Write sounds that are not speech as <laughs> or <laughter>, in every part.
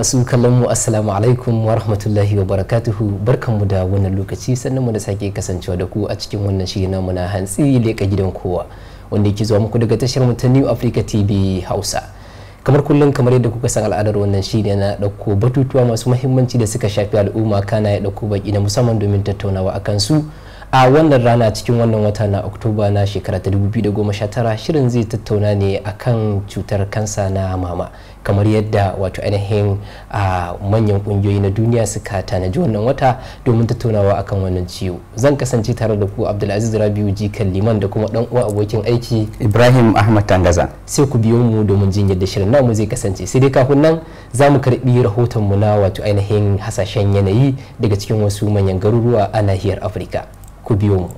masu kallon mu assalamu alaikum wa rahmatullahi wa barakatuhu barkanmu da wannan lokaci sannan mu da sake kasancewa da ku a cikin wannan shiri na muna hantsi leka gidan kowa wanda yake zuwa muku daga tashar mu ta New Africa TV Hausa kamar kullum kamar yadda kuka san al'adar wannan shiri na dauko batutuwa masu muhimmanci da suka shafi al'umma kana ya dauko baki na musamman domin tattaunawa akan su a wannan rana cikin wannan wata na oktoba na shekara ta 2019 shirin zai tattauna ne a kan cutar kansa na mama kamar yadda wato ainihin a manyan kungiyoyi na duniya suka tanaji wannan wata domin tattaunawa akan wannan ciwo zan kasance tare da ku abdulaziz rabiu jikan liman da kuma dan uwa abokin aiki ibrahim ahmad tangaza sai ku biyo mu domin jin yadda shirin namu zai kasance sai dai kafin nan za mu karbi rahoton mu na wato ainihin hasashen yanayi daga cikin wasu manyan garuruwa a nahiyar afirka 就用。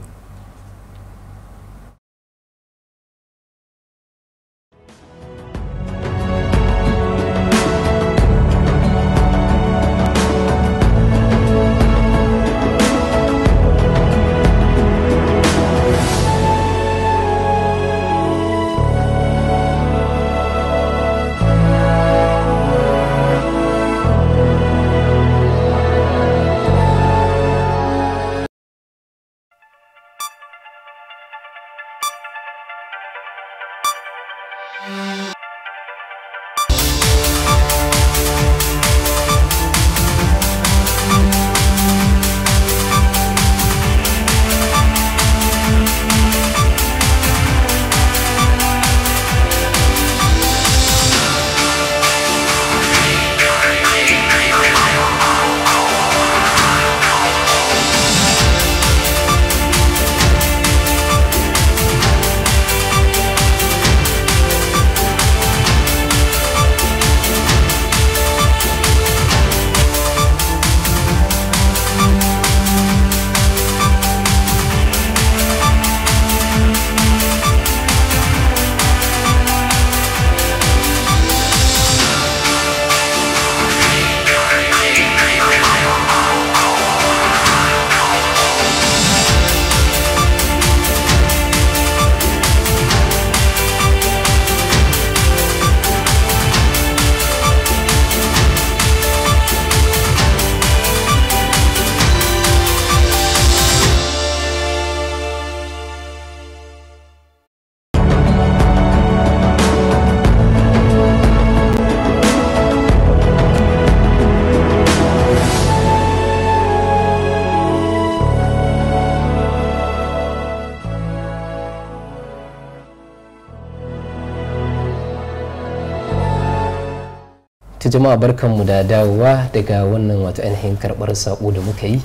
ta jama'a barkanmu da dawowa daga wannan wato ainihin karɓar sako da muka yi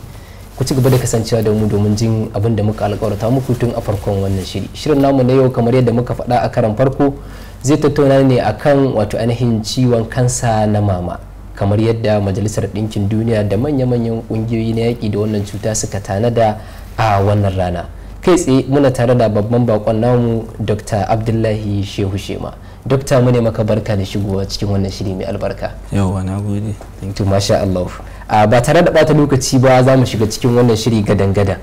ku ci gaba da kasancewa da mu domin jin abin da muka alƙawarta muku tun a farkon wannan shiri shirin namu na yau kamar yadda muka faɗa a karan farko zai tattauna ne akan wato ainihin ciwon kansa na mama kamar yadda majalisar ɗinkin duniya da manya-manyan ƙungiyoyi na yaƙi da wannan cuta suka tanada a wannan rana kai tsaye muna tare da babban bakon namu dr abdullahi shehu shema dokta mu maka barka da shigowa cikin wannan shiri mai albarka yauwa na gode to masha Allah ah, ba tare da bata lokaci ba za mu shiga cikin wannan shiri gadan gada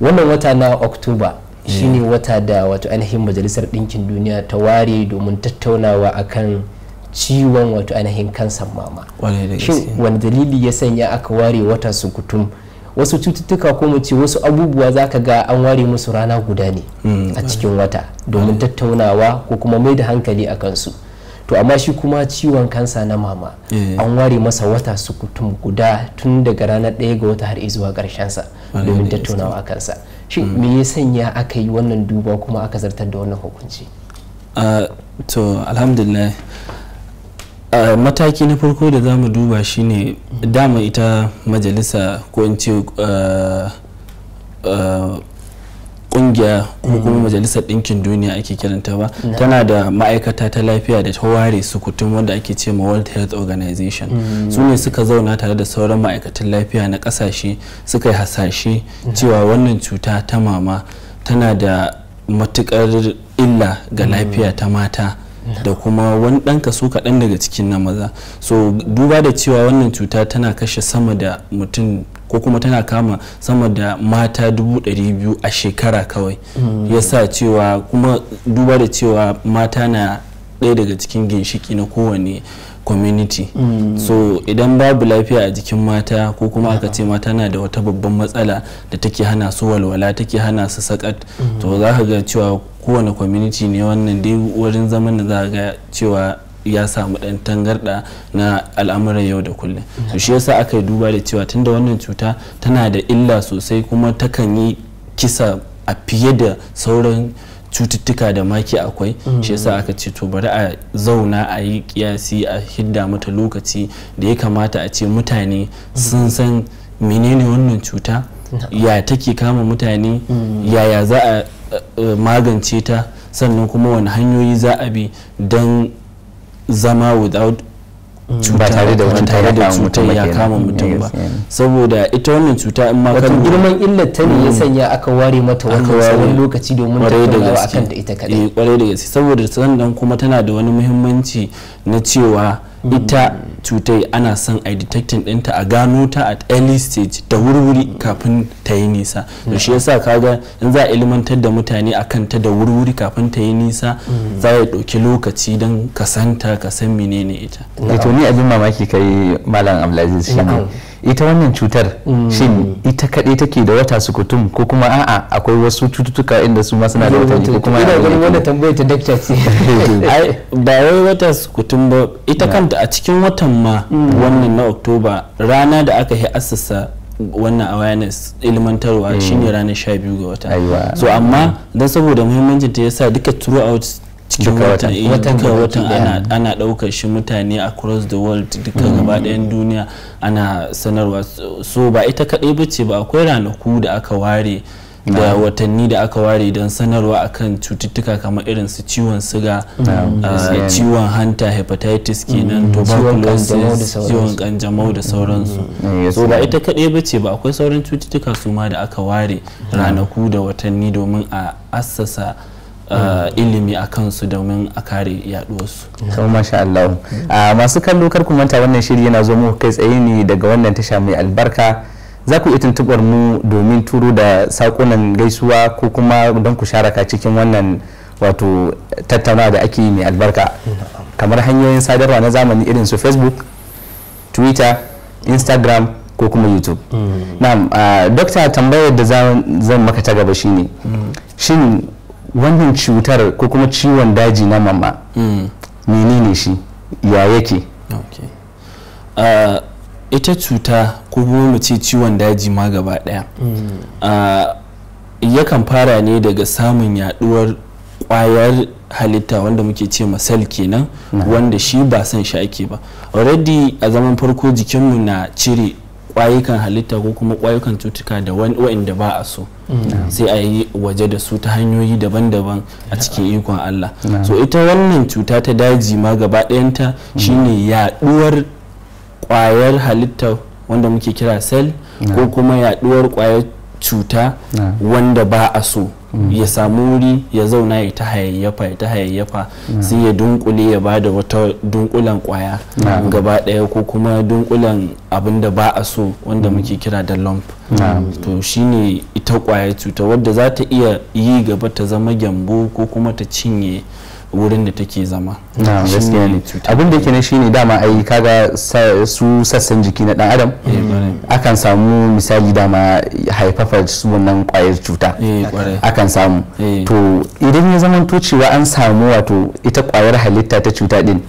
wannan wata na oktoba shine wata da wato ainihin majalisar ɗinkin duniya ta ware domin tattaunawa akan ciwon wato ainihin kansan mama shin wani dalili ya sanya aka ware wata sukutum wasu cututtuka ko mu ce wasu abubuwa za ka ga an ware musu rana guda ne hmm. a cikin wata domin hmm. tattaunawa ko kuma mai da hankali a kansu to amma shi kuma ciwon kansa na mama eh. an ware masa wata sukutum guda tun daga ranar ɗaya ga wata har zuwa sa domin tattaunawa a kansa shi hmm. me ya sanya aka yi wannan duba kuma aka zartar da wannan hukunci ah, to alhamdulillah mataki na farko da za mu duba shine dama ita majalisa ko in ce kungiya ko kuma mm-hmm. majalisar ɗinkin duniya ake kiranta ba tana da ma'aikata ta lafiya da ta ware sukutun wanda ake ce ma world health organization mm-hmm. su ne suka zauna tare da sauran ma'aikatan lafiya na ƙasashe suka yi hasashe mm-hmm. cewa wannan cuta ta mama tana da matukar illa ga lafiya ta mata da kuma wani ɗan kaso kaɗan daga cikin na maza so duba da cewa wannan cuta tana kashe sama da mutum ko kuma tana kama sama da mata dubu biyu a shekara kawai mm. yasa cewa kuma duba da cewa mata na ɗaya daga cikin ginshiki na kowane community mm. so idan babu lafiya a jikin mata ko kuma aka ce mata na da wata babban matsala da take hana su walwala take hana su sakat mm. to za ka ga cewa kowane community ne wannan dai wurin zaman da za ga cewa ya samu dan tangarda na al'amuran yau da kullum mm. to shi yasa aka yi duba da cewa tunda wannan cuta tana da illa sosai kuma takan yi kisa a fiye da sauran cututtuka da maki akwai mm. shi yasa aka ce to bari a zauna a yi kiyasi a hidda mata lokaci da ya kamata a ce mutane sun mm. san menene wannan cuta ya take kama mutane mm. yaya za a eh, eh, magance ta sannan kuma wani hanyoyi za a bi don zama without ba tare da wani tare da cutar ya kama mutum ba saboda ita wannan cuta in ma kan girman illar ta ne ya mm. sanya aka ware mata wannan tsawon lokaci domin tattaunawa akan da ita kadai eh, kwarai da gaske saboda sannan kuma tana da wani muhimmanci na cewa mm. ita cutai ana son a detecting ɗinta a gano ta at early stage da wurwuri kafin ta yi nisa to shi yasa kaga in za a ilimantar da mutane akan ta da wurwuri kafin ta yi nisa mm. za ya ɗauki lokaci don ka santa ka san menene ita. Eh, to ni abin mamaki kai malam abdulaziz shi ne ita wannan cutar mm. shin ita kaɗai take da wata sukutum ko kuma a'a akwai wasu cututtuka inda su masu suna da wata ko kuma ina ganin wannan tambayar ta dakta ce <laughs> ba wai wata sukutum ba ita kanta a cikin watan ma mm. wannan na oktoba rana da aka yi assasa wannan awareness ilmantarwa mm. shine ranar 12 ga wata so amma dan saboda muhimmancin ta yasa duka throughout cikin watan watan eh, ana ɗaukar shi mutane a across the world duka mm. gaba duniya ana sanarwa so ba ita kadai ba ce ba akwai ranaku da aka ware da watanni da aka ware don sanarwa akan cututtuka kamar irin su ciwon suga ah, ciwon hanta hepatitis kenan mm. tuberculosis ciwon kanjamau da sauransu mm. so ba ita kadai ba ce ba akwai sauran cututtuka su ma da aka ware ranaku da watanni domin a assasa Eh, ilimi a kansu domin a kare yaduwarsu. to masha Allah ah, masu kallo kar ku manta wannan shiri yana zo muku kai tsaye ne daga wannan tasha mai albarka za ku iya tuntuɓar mu domin turo da saƙonan gaisuwa ko kuma don ku sharaka cikin wannan wato tattauna da ake yi mai albarka kamar hanyoyin sadarwa na zamani irin su facebook twitter instagram ko kuma youtube mm. na'am ah, dokta tambayar da zan maka ta gaba shine mm. shin wannan cutar ko kuma ciwon daji na mama hmm. menene shi ya yake ah, ita cuta ko kuma mu ce ciwon daji ma gaba daya hmm. ah, yakan fara ne daga samun yaduwar kwayar halitta wanda muke ce masal kenan wanda shi ba san shi ake ba already a zaman farko jikinmu na cire kwayukan halitta ko kuma kwayukan cutuka da wa'inda ba a so mm. sai a yi waje da su ta hanyoyi daban-daban a cikin ikon Allah so ita wannan cuta ta daji ma gaba ɗayanta mm. shine yaɗuwar kwayar halitta wanda muke kira cell ko kuma yaɗuwar kwayar cuta wanda ba a so ya samu wuri ya zauna ya ta hayayyafa ya ta hayayyafa sai ya dunkule ya ba da wata dunkulen kwaya gaba daya ko kuma dunkulen abin da ba a so wanda mm. muke kira da lump to shine ita kwaya cuta wadda za ta iya yi gaba ta zama gyambo ko kuma ta cinye wurin da take zama gaskiya ne abin da yake ne shine dama ai kaga su sassan jiki na dan adam eh, akan samu misali dama haifafar su wannan kwayar cuta eh, akan samu eh. to idan ya zama to cewa an samu wato ita kwayar halitta ta cuta din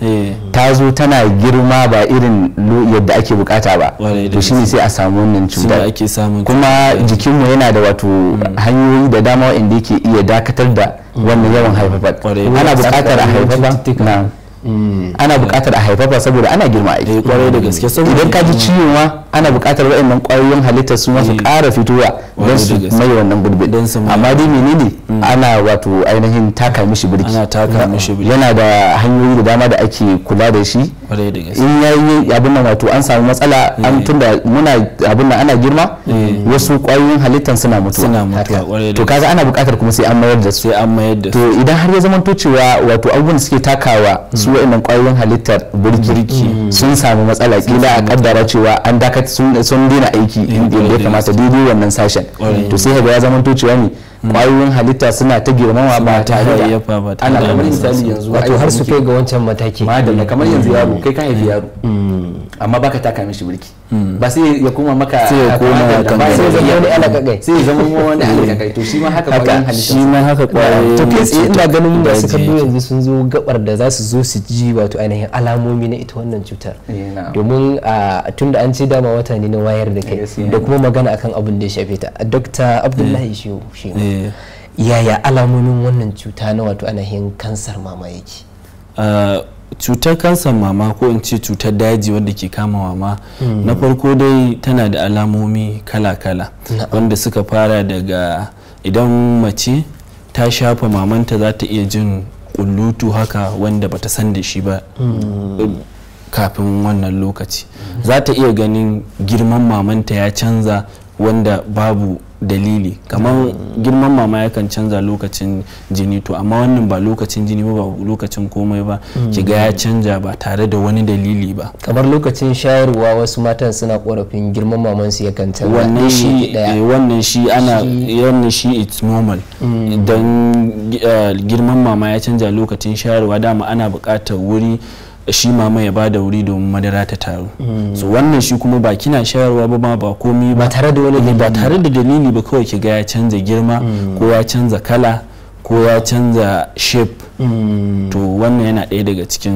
ta zo tana girma ba irin yadda ake bukata ba to shine sai a samu wannan cuta kuma jikinmu yana da wato mm. hanyoyi da dama wa'anda yake iya dakatar da wanda yawan haifafa mm. ana buƙatar a haifafa ana buƙatar a haifafa saboda ana girma aiki eh, kwarai da gaske idan ka ji ciwo ana buƙatar waɗannan ƙwayoyin halitta su masu eh. ƙara fitowa don su mai wannan gurbin amma dai menene mm. ana wato ainihin taka mishi birki yana da hanyoyi da dama da ake kula da shi in yayi abin nan wato an samu matsala an eh. tunda muna abin nan ana girma eh. wasu ƙwayoyin halittar suna mutuwa to kaza ana buƙatar kuma sai an mayar da su to idan har ya zama to cewa wato abubuwan suke takawa su mm. waɗannan ƙwayoyin halittar birki sun samu matsala kila a kaddara cewa an daka aka sun dina aiki eh, inda ya kamata daidai wannan sashen to sai ga ya zama tocewa ne hmm. kwayoyin halitta suna ta girmama ba tare da ana kamar misali yanzu wato har su kai ga wancan mataki madalla kamar yanzu hmm. yaro kai kan haifi yaro hmm. amma baka taka mishi birki ba sai ya koma maka sai ya koma kan ba sai zama wani alakakai sai ya zama wani alakakai to shi ma haka kwayan halitta shi ma haka kwayan to kai sai ina ganin da suka bi yanzu sun zo gabar da za su zo su ji wato ainihin alamomi na ita wannan cutar eh, domin tun da an ce dama wata ne na wayar da kai da kuma magana akan abin da ya shafe ta dr abdullahi eh. shehu eh. yaya alamomin wannan cuta na wato ainihin kansar mama yake ah, cutar kansar mama ko in ce cutar daji wadda ke kama mama hmm. na farko dai tana da alamomi kala-kala wanda suka fara daga idan mace ta shafa mamanta za ta iya jin kullutu haka wanda bata san da shi ba hmm. eh, kafin wannan lokaci za ta iya ganin girman mamanta ya canza wanda babu dalili kamar girman mama yakan canza lokacin jini to amma wannan ba lokacin jini ba lokacin komai ba hmm. ki ga ya canja ba tare da wani dalili ba kamar lokacin shayarwa wasu matan suna korafin girman maman su yakan canza wannan shi eh, wannan shi ana wannan shi it's normal hmm. dan eh, girman mama ya canza lokacin shayarwa dama ana buƙatar wuri shi mama ya ba da wuri domin madara ta taru hmm. so wannan shi kuma ba kina shayarwa ba ma ba komi ba tare da wani ba tare da dalili ba kawai ki ga ya canza girma hmm. ko ya canza kala ko ya canza shape mm. to wannan yana ɗaya daga cikin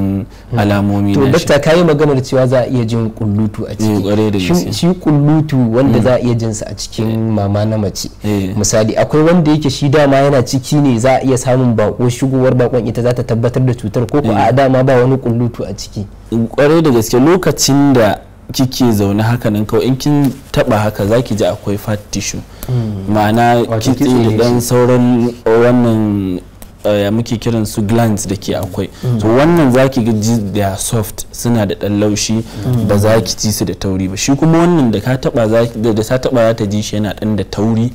mm. alamomi na shi to dakta kayi maganar cewa za a iya jin kullutu a ciki eh, shi kullutu wanda mm. za a iya jinsa a cikin eh. mama na mace eh. misali akwai wanda yake shi dama yana ciki ne za a iya samun bako shigowar bakon ita za ta tabbatar da cutar ko ko a dama ba wani kullutu a ciki kwarai da gaske lokacin da kike zaune haka nan kawai in kin taba haka zaki ji akwai fat tissue mm. ma'ana kitse da dan sauran uh, wannan uh, ya muke kiran su glands da ke akwai to mm. wannan zaki ga ji da soft suna da dan laushi mm. ba za ki ci su da tauri ba shi kuma wannan da ka taba da ta taba za ta ji shi yana dan da tauri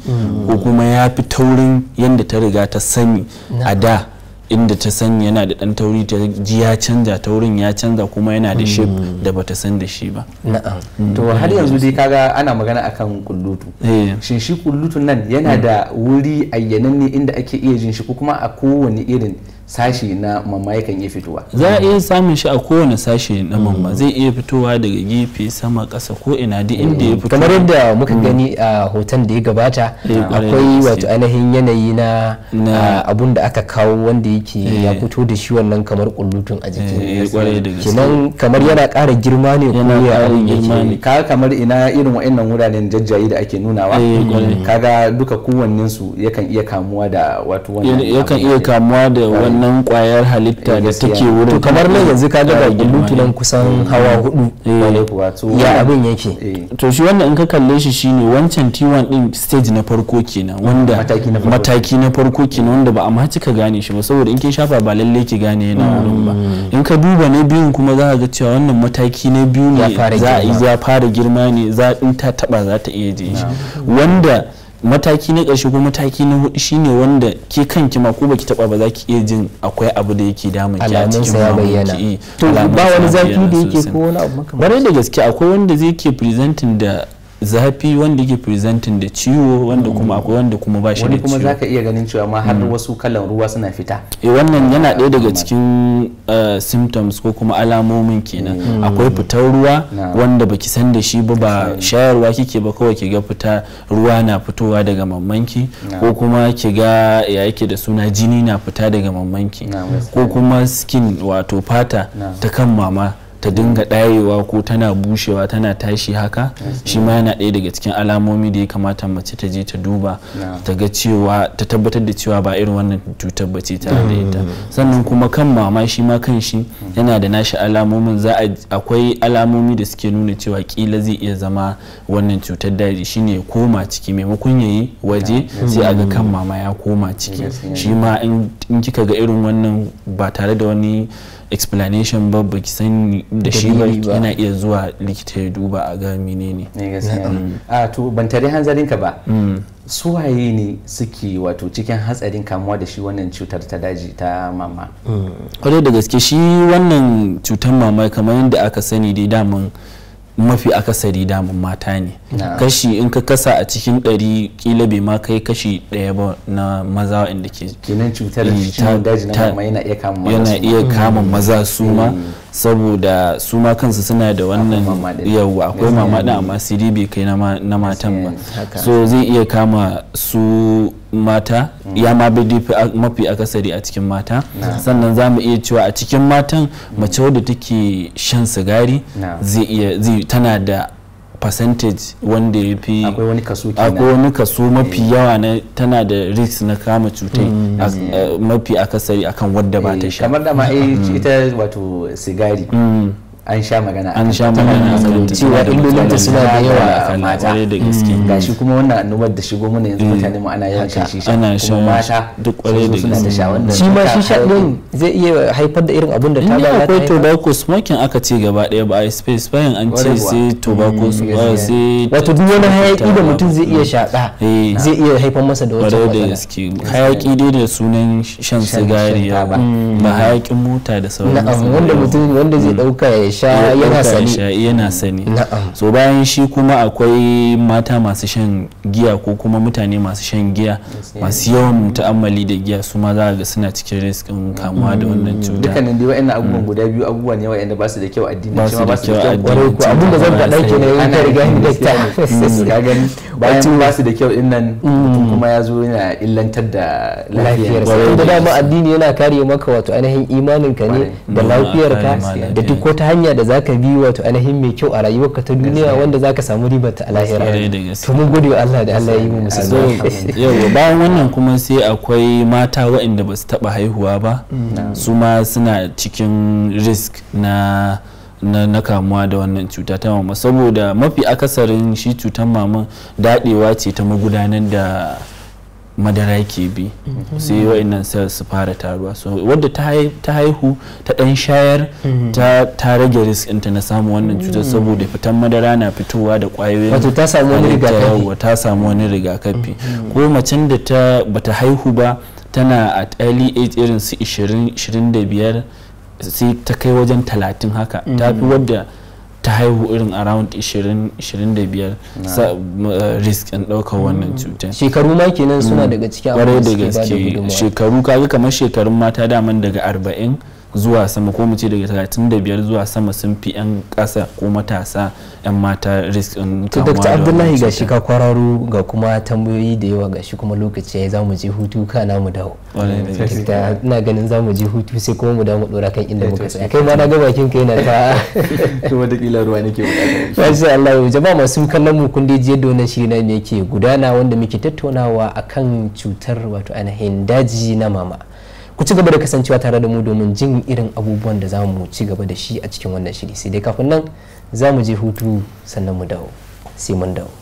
ko kuma ya fi taurin yadda ta riga ta sani a da inda ta san yana da dan tauri ta ji ya canza taurin ya canza kuma yana da hmm. shi da bata san da shi ba na'am hmm. to har yanzu dai kaga ana magana akan kullutu eh. shin shi kullutun nan yana hmm. da wuri ayyananne inda ake iya jin shi ko kuma a kowane irin sashi na mamma yakan iya fitowa za a iya samun shi a kowane sashi na mamma zai iya fitowa daga gefe sama ƙasa ko ina duk inda ya mm. fito kamar yadda muka mm. gani a hoton da ya gabata eh, akwai wato ainihin yanayi na abun da aka kawo wanda yake ya eh. fito da shi wannan kamar kullutun a jiki eh, kenan kamar yana ƙara girma ne ko ya girma ne ka kamar ina irin wa'annan wuraren jajjayi da ake nunawa kaga duka kowannen su yakan iya kamuwa da wato wannan yakan iya kamuwa da wannan wannan kwayar halitta da take wurin kamar nan yanzu ka ga gillutu nan kusan hawa eh. hudu ya abin yake eh. to shi wannan in ka kalle shi shine wancan T1 din stage na farko kenan wanda mataki na farko kenan wanda ba a ma cika gane shi ba saboda in kin shafa ba lalle ki gane yana mm. wurin ba in ka duba na biyun kuma za ka ga cewa wannan mataki na biyu ne za a ya fara girma ne za in ta taba za ta iya je shi mm. wanda mataki na ƙarshe ko mataki na hudu shine wanda ke kanki ma ko baki taba ba za ki iya jin akwai abu da yake damun ki a cikin ya bayyana eh, to ba wani zafi da yake ko wani abu bare da gaske akwai wanda zai ke presenting da zafi wanda yake presenting da ciwo wanda mm. kuma akwai wanda kuma ba shi da ciwo kuma zaka iya ganin cewa ma har mm. wasu kalan ruwa suna fita eh wannan yana ɗaya daga cikin uh, symptoms ko kuma alamomin kenan mm. akwai fitar ruwa wanda baki san da shi ba shayarwa kike ba kawai kiga ga fita ruwa na fitowa daga mammanki ko kuma ki ga ya yake da suna jini na fita daga mammanki ko kuma skin wato fata ta kan mama ta dinga ɗayewa ko tana bushewa tana tashi haka shi ma yana ɗaya daga cikin alamomi da ya kamata mace ta je ta duba ta ga cewa ta tabbatar da cewa ba irin wannan cutar ba ce tare da ita sannan kuma kan mama shi ma kan shi yana da nashi alamomin za a akwai alamomi da suke nuna cewa kila zai iya zama wannan cutar daji shine ya koma ciki maimakon ya yi waje sai a ga kan mama ya koma ciki shi ma in kika ga irin wannan ba tare da wani explanation ba ba ki san da shi ba yana iya zuwa likita ya duba a ga menene ne mm. a to ban tare hanzarin ka ba mm. waye ne suke wato cikin hatsarin kamuwa da shi wannan cutar ta daji ta mama mm. kwarai da gaske shi wannan cutar mama kamar yadda aka sani dai daman mafi akasari damun mata ne kashi in ka kasa a cikin ɗari kila bai ma kai kashi ɗaya ba na maza inda ke kinan cutar yana iya kama maza yana iya kama su ma mm. saboda su ma kansu suna da wannan yawa akwai mama amma siri bai kai na matan ba so zai iya kama su mata ya ma bi mafi akasari a cikin mata sannan za mu iya cewa a cikin matan mace wadda take shan sigari zai tana da percentage wanda ya fi akwai wani kaso mafi eh. yawa na tana da risk na kama cutai hmm. mafi akasari akan wadda ba ta eh, sha kamar da ma eh, hmm. ita wato sigari hmm. an sha magana an sha magana cewa ta suna da yawa a mata mm. gashi kuma wannan annobar da shigo mana yanzu mm. mutane mu ana yawan shan shisha ana shan mata duk kwarai da suna da sha wanda shi ma shisha din zai iya haifar da irin abin da ta ba akwai tobacco smoking aka ce gaba daya ba a space bayan an ce sai tobacco mm, sai wato duk wani hayaki da mutum zai iya shaka eh. zai iya haifar masa da wata matsala da gaske hayaki dai da sunan shan sigari ba hayakin mota da sauransu wanda mutum wanda zai dauka ya sha yana sani yana sani so bayan shi kuma akwai mata masu shan giya ko kuma mutane masu shan giya masu yawan ta'ammali da giya su ma za ga suna cikin riskin kamuwa da wannan mm. cuta dukkanin dai wa'annan abubuwan mm. guda biyu abubuwa ne wa'anda ba su da kyau addini ba su da kyau addini ko abin da zan faɗa ke kenan yana riga ni dakta <laughs> ka gani bayan ba su da kyau din nan kuma ya zo yana illantar da lafiyar sa da dama addini yana kare maka wato ainihin imanin ka ne da mm. lafiyar ka da duk wata hanya hanya da zaka bi wato ainihin mai kyau a rayuwarka ta duniya wanda zaka samu ribar ta alahira to mun gode wa Allah da Allah ya yi mu musulmi bayan wannan kuma sai akwai mata waɗanda ba su taba haihuwa ba mm. su ma suna cikin risk na na, na kamuwa da wannan cuta ta mama saboda mafi akasarin shi cutar mama dadewa ce ta magudanar da madara ke bi sai wa'annan cells su fara taruwa so wadda ta haihu ta dan shayar ta rage risk ta na samu wannan cutar saboda fitan madara na fitowa da kwayoyin wato ta samu wani rigakafi ta samu wani rigakafi ko macen da ta bata haihu ba tana a early age irin su 20 25 sai ta kai wajen 30 haka ta fi wadda ta haihu irin around 20-25 uh, risk in ɗaukar wannan hmm. cutar shekaru ma kenan suna hmm. daga cikin kwarai da gaske shekaru kaga kamar shekarun mata daman daga arba'in. zuwa sama ko mu ce daga 35 zuwa sama sun fi 'yan kasa ko matasa 'yan mata risk in to dr abdullahi ga shi ka kwararo ga kuma tambayoyi da yawa ga shi kuma lokaci ya zamu je hutu ka na mu dawo ina ganin zamu je hutu sai kuma mu dawo mu dora kan inda eh, muka tsaya kai ma na ga bakin kai na ta <laughs> to wata kila ruwa nake buƙata masha Allah jama'a masu kallon mu kun je da wannan shiri na me yake gudana wanda muke tattaunawa akan cutar wato ainihin daji na mama ku ci gaba da kasancewa tare da mu domin jin irin abubuwan da za mu ci gaba da shi a cikin wannan shiri sai dai kafin nan za mu je hutu sannan mu dawo sai mun dawo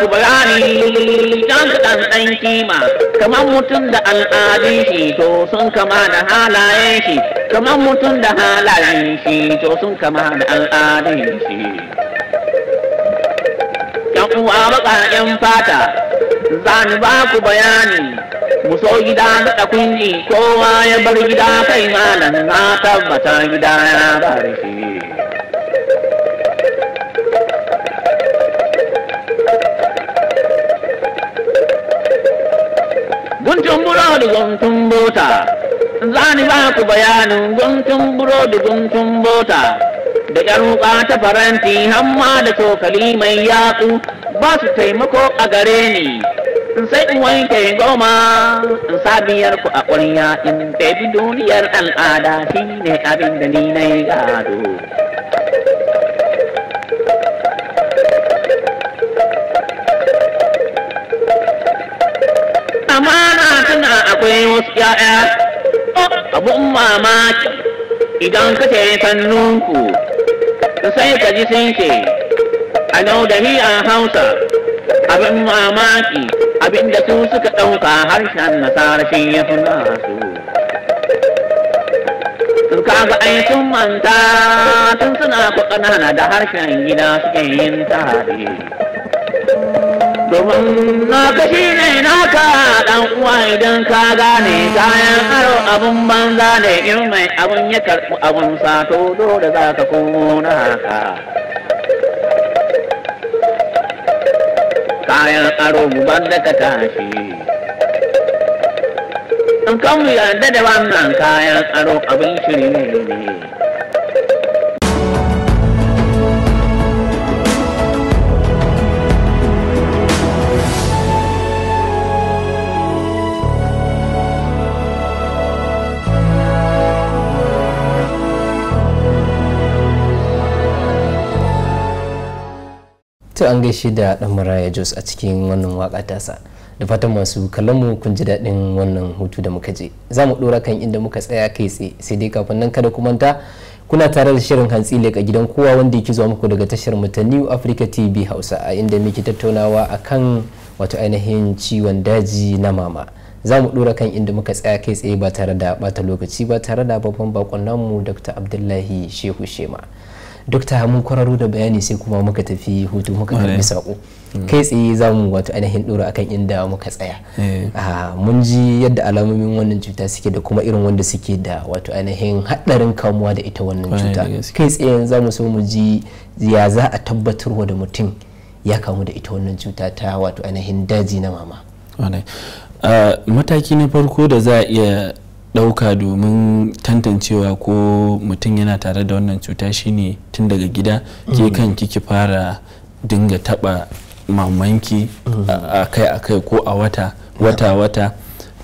Ku bayani dan dan kima kamar mutum da al'adun shi to sun kama da halayen shi kamar mutum da halayen shi to sun kama da al'adun shi yan uwa baƙaƙen fata za ni ba ku bayani mu so gida da kunni, kowa ya bar gida kai malam na tabbata gida ya bar shi guntun burodi guntun bota zani ba ku bayanin guntun burodi guntun bota da ƴar wuƙa ta faranti hamma da cokali mai yaƙu ba su taimako a gare ni sai in wanke goma in sabiyar ku a ƙwarya in bi duniyar al'ada shine abin da ni na gado amana tana akwai wasu ‘ya'ya, abun mamaki idan ka ce sannunku, sai ka ji sun ce, a ni a Hausa, abin mamaki abin da su suka ɗauka harshen nasarashin ya fi su. kaga ai sun manta tun suna ku ƙanana da harshen gida suke yin tare. domin ka shi ne naka dan uwa idan ka gane kayan aro abun banza ne in mai abun ya karɓi abun to dole za ka kuma na haka kayan aro mu da ka tashi in kan mu yarda da wannan kayan aro abin shiri ne an gaishe da dan maraya jos a cikin wannan waka tasa da fatan masu kallon mu kun ji daɗin wannan hutu da muka je za mu ɗora kan inda muka tsaya kai tsaye sai dai kafin nan kada ku manta kuna tare da shirin hantsi leƙa gidan kowa wanda yake zuwa muku daga tashar mu new africa tv hausa a inda muke tattaunawa akan wato ainihin ciwon daji na mama za mu ɗora kan inda muka tsaya kai tsaye ba tare da bata lokaci ba tare da babban bakon namu dr abdullahi shehu shema duk ta mun kwararo da bayani sai kuma muka tafi hutu muka karbi sako mm. kai tsaye za mu wato ainihin ɗora akan inda muka tsaya eh. ah, mun ji yadda alamomin wannan cuta suke da kuma irin wanda suke da wato ainihin haɗarin kamuwa da ita wannan cuta kai tsaye za mu so mu ji ya za a tabbatar wa da mutum ya kamu da ita wannan cuta ta wato ainihin daji na mama ah, mataki na farko da za a iya ɗauka domin tantancewa ko mutum yana tare da wannan cuta shine tun daga gida ke mm. kan kiki fara dinga taɓa mamanki mm. a kai a kai ko a wata wata wata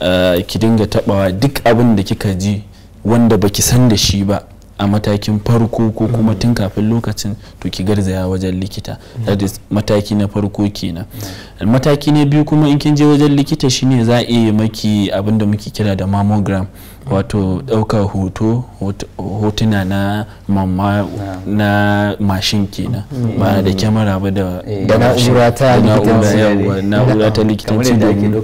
eh, ki dinga taɓawa duk abin da kika ji wanda baki san da shi ba a matakin farko ko kuma tun kafin lokacin to ki garzaya wajen likita that is mataki na farko kenan mataki na biyu kuma in kin je wajen likita shine za a yi maki abinda da muke kira da mammogram wato ɗaukar hoto hotuna na mamma na mashin kenan ba da kyamara ba da ura eh, ta na'ura ta likitanci domin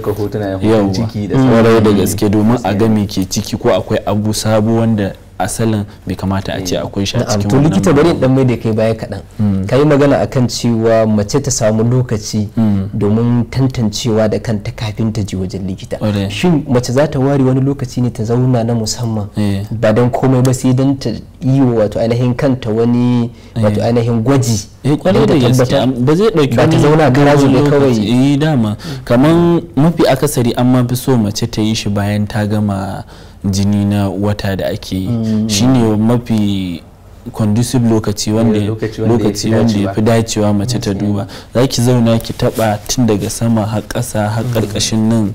yawwa da gaske domin a ga me ke ciki ko akwai abu sabo wanda asalin bai kamata a ce hmm. akwai shi a cikin wannan likita bari dan mai da kai baya kadan. Hmm. ka yi magana akan cewa mace ta samu lokaci hmm. domin tantancewa da kanta kafin ta je wajen likita shin mace za ta ware wani lokaci ne ta zauna na musamman eh. ba dan komai ba sai don ta yi wa wato ainihin kanta wani eh. wato ainihin gwaji eh kwarai da ba zai dauki wani zauna garaji ne kawai eh dama kaman mafi akasari an ma fi so mace ta yi shi bayan ta gama jini na wata da ake yi mm. shine mafi conducive lokaci wanda lokaci wanda ya fi dacewa mace ta duba za ki zauna ki taba tun daga sama har ƙasa har mm. ƙarƙashin nan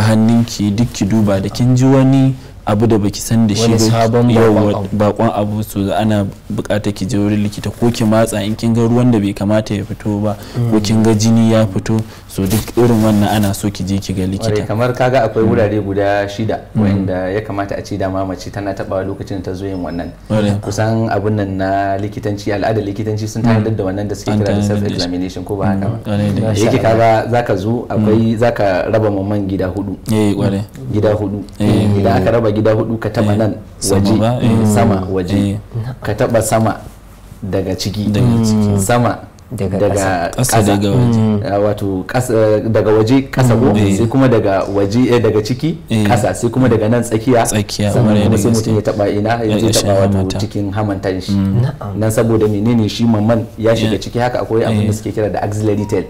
hannunki duk ki duba da kin ji wani abu da baki san da shi sabon bakon abu so ana bukata ki je wurin likita ko ki matsa in kin ga ruwan da bai kamata ya fito ba ko mm. kin ga jini ya fito so duk irin wannan ana so ki je ki ga likita kamar kaga akwai hmm. wurare guda shida hmm. wanda ya kamata a ce dama mace tana tabawa lokacin ta zo yin wannan kusan abun nan na likitanci al'adar likitanci sun hmm. tanadar da wannan da suke kira da self examination ko ba haka ba yake ba zaka zo akwai zaka raba mamman gida hudu eh, gida hudu eh. idan aka raba gida hudu ka taba eh. nan waje sama waje ka taba sama daga ciki sama daga daga waje Kasa mm. mm. ah, eh, ko mm. eh. sai kuma daga waje eh, daga ciki kasa sai kuma daga nan tsakiya Tsakiya kuma sai mutum ya taba ina ya je taba wato cikin hamanta shi nan saboda menene shi mamman ya shiga ciki haka akwai abin da suke kira da axillary tail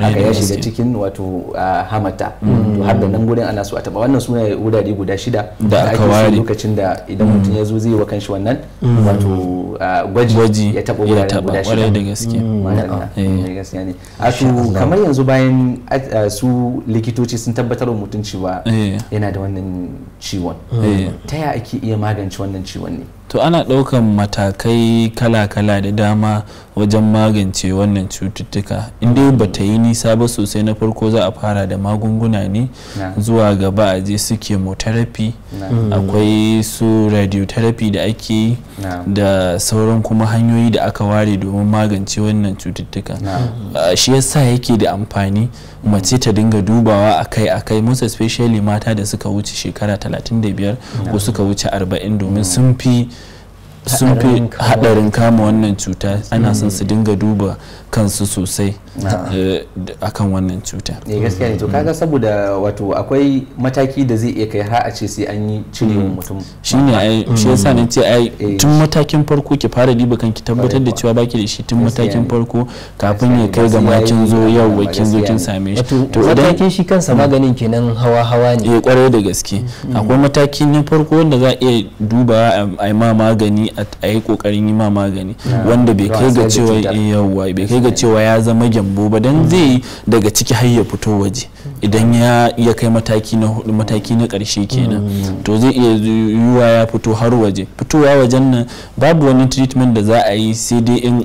haka ya shiga cikin wato ah, hamanta. to har da nan gurin ana so a taba wannan suna wurare guda shida da aka ware. lokacin da idan mutum ya zo zai wa kanshi wannan wato ah, gwaji ya taba wurare guda shida Eh, eh. Eh, ne kamar yanzu bayan su likitoci sun tabbatar wa mutum cewa yana da wannan ciwon ta ya ake iya magance wannan ciwon ne to ana ɗaukan matakai kala-kala da dama wajen magance wannan cututtuka inda ba ta yi nisa ba sosai na farko za a fara da magunguna ne zuwa gaba a je su chemotherapy akwai su radiotherapy da ake yi da sauran kuma hanyoyi da aka ware domin magance wannan cututtuka shi yasa yake da amfani mace ta dinga dubawa akai-akai most especially mata da suka wuce shekara 35 ko suka wuce 40 domin sun fi sun fi haɗarin kama wannan cuta ana son hmm. su dinga duba kansu sosai eh, akan wannan cuta ne eh, gaskiya ne to kaga saboda wato akwai mataki da zai iya kai har a ce sai an yi cire hmm. mutum ne ai hmm. shi yasa ne ce ai eh. tun matakin farko ki fara diba kanki tabbatar da cewa baki da shi tun matakin farko kafin ya kai ga ma kin zo yau kin zo kin same shi to matakin shi kansa maganin kenan hawa hawa ne ya kwarai da gaske akwai mataki na farko wanda za a iya duba a ma magani a yi kokarin yi ma magani wanda bai kai ga cewa yawa bai kai ga cewa ya zama gyambo ba dan zai daga ciki har ya fito waje idan ya kai mataki na mataki na karshe kenan mm. to zai iya yiwuwa ya fito har waje fitowa wajen nan babu wani treatment da za a yi sai dai in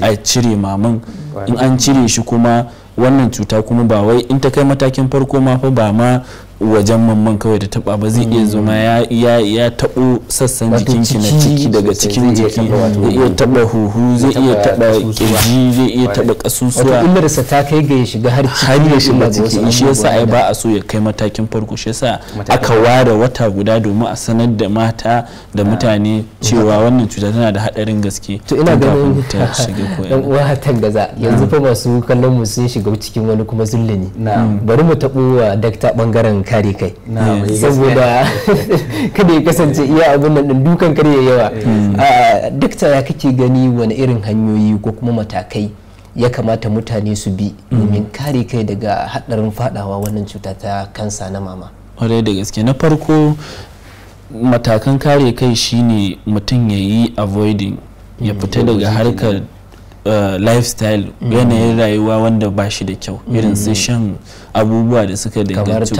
a cire maman in an cire shi kuma wannan cuta kuma ba wai in ta kai matakin farko ma fa ba ma wajen mamman kawai da taba ba zai iya mm. zama ya taɓo sassan jikinki na ciki daga cikin jiki mm. zai iya taɓa huhu zai iya taɓa kirji zai iya taɓa ƙasusuwa wato illarsa ta kai ga ya shiga har har ya shiga ciki shi yasa ai ba a so ya kai matakin farko shi yasa aka ware wata guda domin a sanar da mata da ah. mutane cewa wannan cuta tana da haɗarin gaske to ina ganin dan <laughs> uwa hatan gaza yanzu fa masu kallon mu sun shiga cikin wani kuma zulle ne bari mu taɓo wa dakta bangaren kare kai saboda <laughs> kada ya kasance iya abin nan din dukan kare ya yawa eh. ah, duk ya kake gani wani irin hanyoyi ko kuma matakai ya kamata mutane su bi mm. domin kare kai daga hadarin fadawa wannan cuta ta kansa na mama kwarai da gaske na farko matakan kare kai shine mutum ya yi avoiding ya mm. fita daga harkar Eh, lifestyle mm. yanayin rayuwa wanda ba shi da kyau mm. irin su shan abubuwa da suka danganci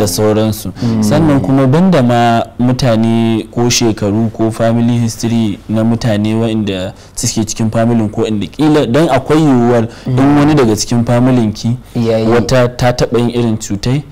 da sauransu mm. sannan kuma banda ma mutane ko shekaru ko family history na mutane wa'inda suke cikin familin ko inda kila don akwai yiwuwar in wani daga cikin familin ki wata ta taɓa yin irin cutai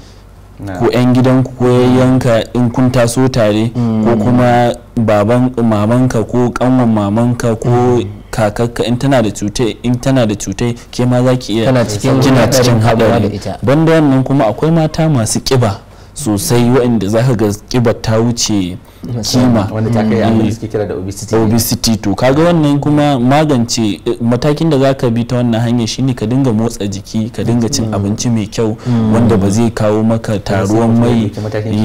ko 'yan gidanku ko yayyanka in kun taso tare ko mm. kuma baban mamanka ko kanwan mamanka ko kakakka in tana da cutai in tana da cutai ke ma za ki iya cikin kina cikin hadari banda wannan kuma akwai mata masu ƙiba sosai waɗanda za ka ga ƙiba ta wuce kima mm. wanda ta kai an kira da obesity obesity to kaga wannan kuma magance eh, matakin da zaka bi ta wannan hanya shine ka dinga motsa jiki ka dinga cin mm. abinci mai kyau mm. wanda ba zai kawo maka taruwan mai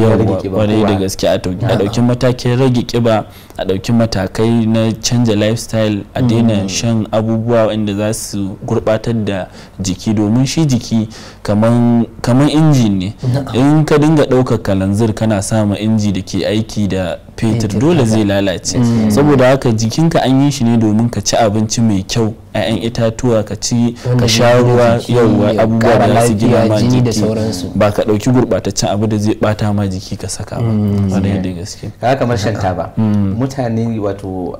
yawa kwarai da gaske a dauki matakin rage kiba a dauki matakai na canja lifestyle a daina shan abubuwa wanda za su gurbatar da jiki domin shi jiki kaman inji ne in ka dinga ɗaukar kalanzir kana sama inji da ke aiki da uh, fetur dole zai lalace mm. saboda haka jikinka an yi shi ne domin ka ci abinci mai kyau a 'yan itatuwa ka ci ka sha ruwa yauwa abubuwa da su gina ma jiki ba ka ɗauki gurɓataccen abu da zai ɓata ma jiki ka saka ba mm. wadda da gaske ka kamar shan taba mm. mutane wato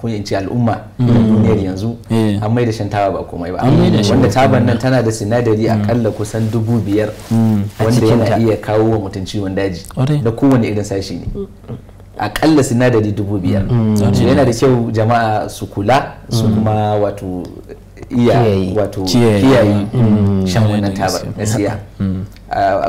ko in ce al'umma duniyar yanzu eh. an mai da shan taba ba komai ba wanda taban nan tana da sinadari akalla kusan dubu biyar wanda yana iya kawo wa mutum ciwon daji da kowane irin sashi ne akalla sinadari dubu biyar mm, mm, mm. yana da kyau jama'a su kula su kuma wato iya wato kiyaye shan wannan tabar gaskiya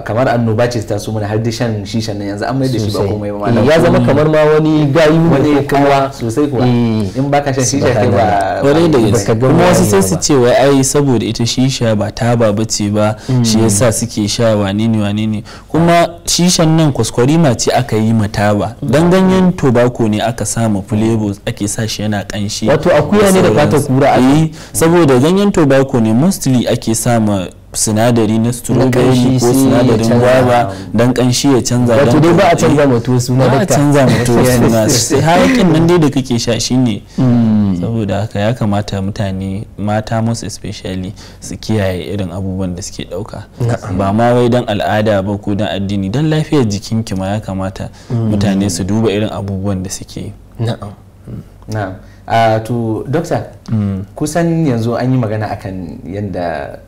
kamar annoba ce ta su mana har da shan shishan nan yanzu an mai da shi ba komai ba malam eh, ya zama kamar ma wani gayu wani kowa sosai kuwa eh. in baka shan shisha kai ba wani da ga kuma wasu sai su ce wai ai saboda ita shisha ba ba bace ba mm. shi yasa suke sha wani ne wani ne kuma shishan nan kwaskwarima ce aka yi mata ba dan ganyen tobacco ne aka sama flavors ake sa shi yana kanshi wato akuya ne da fata kura a eh, saboda ganyen tobacco ne mostly ake sama sinadari na strawberry ko sinadarin gwaiba don kanshi ya canza don dai ba a canza mutu suna a canza mutu <laughs> suna sai hayakin nan dai da kake sha shine hmm. saboda haka ya kamata mutane mata most especially su kiyaye irin abubuwan da suke dauka ba ma wai don al'ada ba ko don addini don lafiyar ki ma ya kamata hmm. mutane su duba irin abubuwan da suke na'am na'am ah, to doctor hmm. kusan yanzu an yi magana akan yanda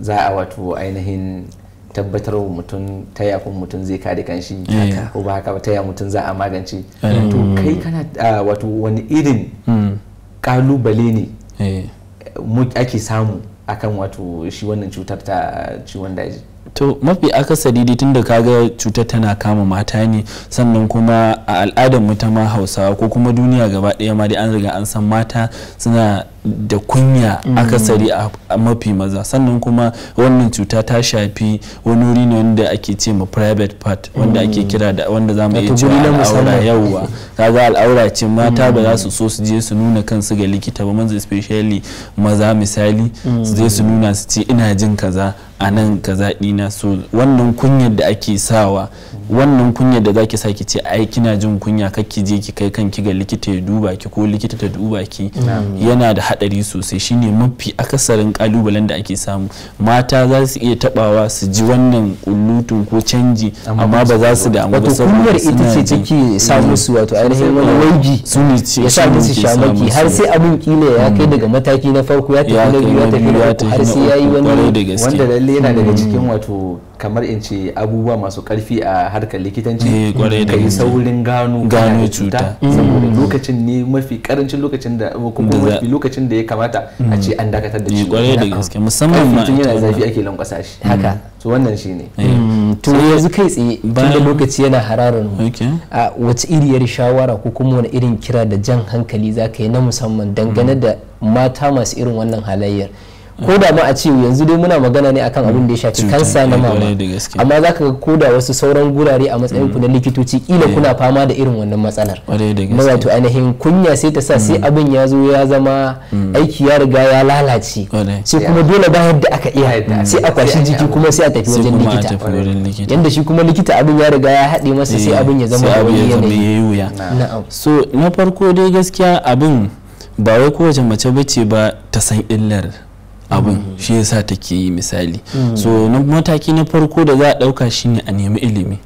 za a wato ainihin tabbatar wa mutum ta kuma mutum zai kare kanshi eh. ko ba haka ba mutum za a magance eh. to kai kana wato wani irin hmm. kalubale ne eh. ake samu akan wato shi wannan cutar ta ciwon daji to mafi akasari dai tunda kaga cutar tana kama mata ne sannan kuma a al'adar mu ta ma hausawa ko kuma duniya gaba ɗaya ma dai an riga an san mata suna da kunya mm. akasari a mafi maza sannan kuma wannan cuta ta shafi wani wuri ne wanda ake ce ma private part wanda ake mm. kira da wanda za mu iya cewa al'aura yauwa kaga al'aura ce mata ba za su mm. so su je su nuna kansu ga likita ba manzo especially maza misali su je su nuna su ce ina jin kaza a nan zaɗi na so wannan kunyar da ake sawa wannan kunyar da zaki sa ki ce ai kina jin kunya ki je ki kai kanki ga likita ya duba ki ko likita ta duba ki yana da hadari sosai shine mafi akasarin kalubalen da ake samu mata za su iya tabawa su ji wannan kullutun ko canji amma ba za su damu ba saboda kunyar ita ce take sa mm. musu wato ainihin wani waji su ne ce ya sa musu shamaki har sai abin kila ya kai mm. daga mataki na farko ya tafi na biyu ya tafi na uku har sai yayi wani wanda lalle yana daga hmm. cikin wato kamar in ce abubuwa masu karfi a harkar likitanci eh, ka yi saurin gano gano cuta hmm. saboda lokacin ne mafi karancin lokacin da kuma mafi lokacin da ya kamata a hmm. ce an dakatar da eh, shi kwarai da gaske musamman ma tun yana zafi ake lankwasa shi haka to wannan shine eh. to yanzu kai tsaye tun da lokaci yana hararar mu a wace iriyar shawara ko kuma wani irin kira da jan hankali zaka yi na musamman dangane da mata masu irin wannan halayyar ko da ma a ce yanzu dai muna magana ne akan abin da ya shafi kansa na mama amma zaka ga ko da wasu sauran gurare a matsayin ku na mm. likitoci kila kuna fama da irin wannan matsalar na wato ainihin kunya sai ta sa sai mm. abin ya zo ya zama mm. aiki ya riga ya lalace sai kuma dole ba yadda aka iya sai a kwashi jiki kuma sai a tafi wajen likita yanda shi kuma likita abin ya riga ya haɗe masa sai eh, abin ya zama abin yanayi so na farko dai gaskiya abin ba wai kowace mace bace ba ta san illar abun shi yasa take yi misali hmm. so mataki na farko da za a ɗauka shine a nemi ilimi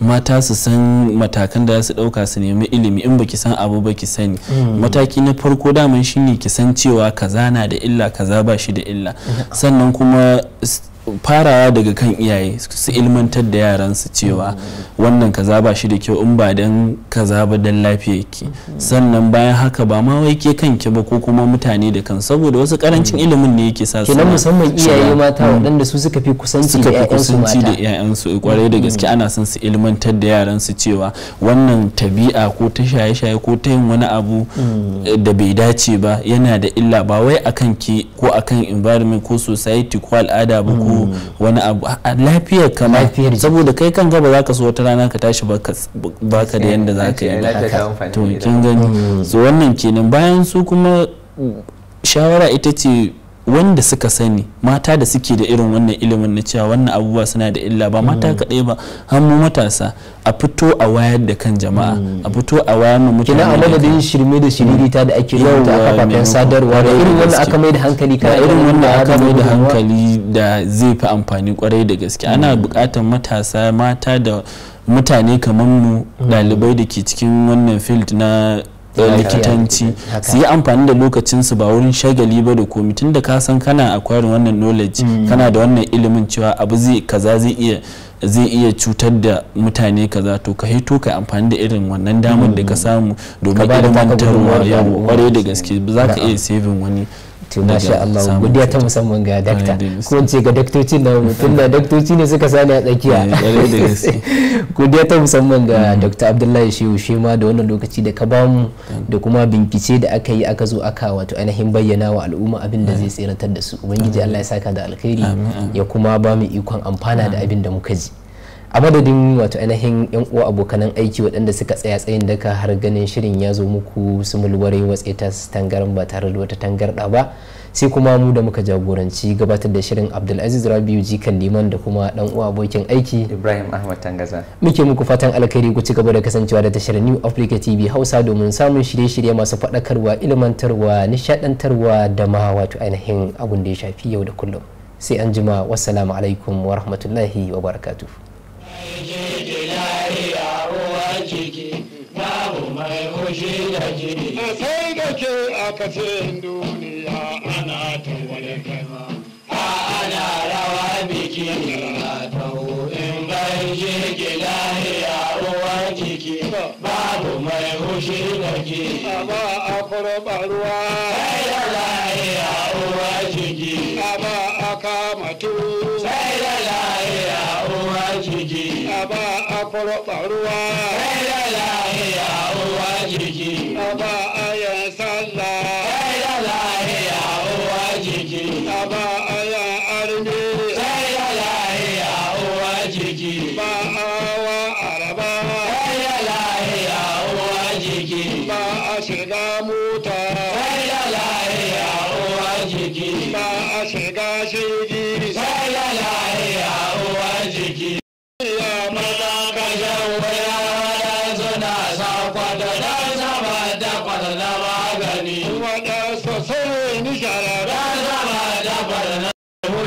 mata su san matakan da su dauka su nemi ilimi in baki san abu ba ki sani hmm. mataki na farko daman shine ki san cewa kaza na da illa kaza ba shi da illa sannan kuma farawa daga kan iyaye su ilmantar da yaransu cewa wannan kaza ba shi da kyau in ba dan kaza ba dan lafiya ki sannan bayan haka ba ma wai ke kanki ba ko kuma mutane da kan saboda wasu karancin mm. ilimin ne yake sa su kenan musamman iyaye mata mm. waɗanda su suka fi kusanci da ƴaƴansu mata da ƴaƴansu kwarai eh, da gaske mm. ana son su ilmantar da yaransu cewa wannan tabi'a ko ta shaye-shaye ko ta yin wani abu eh, da bai dace ba yana da illa ba wai akan ki ko akan environment ko society ko al'ada ba ko Mm. wani abu a lafiyar kama saboda kai kan gaba za ka so wata rana ka tashi baka da yadda za ka yi to kin gani mm. so wannan kenan bayan su kuma shawara ita ce wanda suka sani mata da suke da irin wannan ilimin na cewa wannan abubuwa suna da illa ba mata mm. kaɗai ba hannu matasa a fito a wayar da kan jama'a mm. a fito a wayar da mutane kina amma da shirme da shiririta da ake yau a kafafen sadarwa da irin wanda aka mai da hankali ka irin wanda aka mai da hankali da zai fi amfani kwarai da gaske ana mm. buƙatar matasa mata da mutane kamar mu ɗalibai da ke cikin wannan field na da likitanci su yi amfani da lokacinsu ba wurin shagali ba da komi tun da ka san kana akwarin wannan knowledge mm. kana da wannan ilimin cewa abu zai kaza zai iya zai iya cutar da mutane kaza to ka hito ka amfani da irin wannan damar da ka mm. samu domin ilmantarwa yau kwarai da gaske za ka iya saving wani to masha Allah godiya ta musamman ga dakta ko ce ga daktocin na mutum da daktoci ne suka sani a tsakiya eh, <laughs> godiya ta musamman ga mm. Dr. Abdullahi Shehu shi ma da wannan lokaci da ka bamu da kuma bincike da aka yi aka zo aka wato ainihin bayyana wa al'umma abin da zai tseratar da su ubangiji Allah ya saka da alkhairi ya kuma ba mu ikon amfana da abin da muka ji a madadin wato ainihin yan uwa abokanan aiki waɗanda suka tsaya tsayin daka har ganin shirin ya zo muku sumulwarai watsa ta tangaran ba tare da wata tangarɗa ba sai kuma mu da muka jagoranci gabatar da shirin abdulaziz rabiu jikan liman da kuma dan uwa abokin aiki ibrahim ahmad tangaza muke muku fatan alkhairi ku ci gaba da kasancewa da tashar new africa tv hausa domin samun shirye-shirye masu faɗakarwa ilimantarwa nishaɗantarwa da ma wato ainihin abun da ya shafi yau da kullum sai an jima wassalamu alaikum wa rahmatullahi wa barakatuh sai da ke aka ce duniya ana ta wani ana rawa biki na taho in bai je lahiya ruwan jiki babu mai hushi da ke ba a ruwa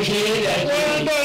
Appreciate it.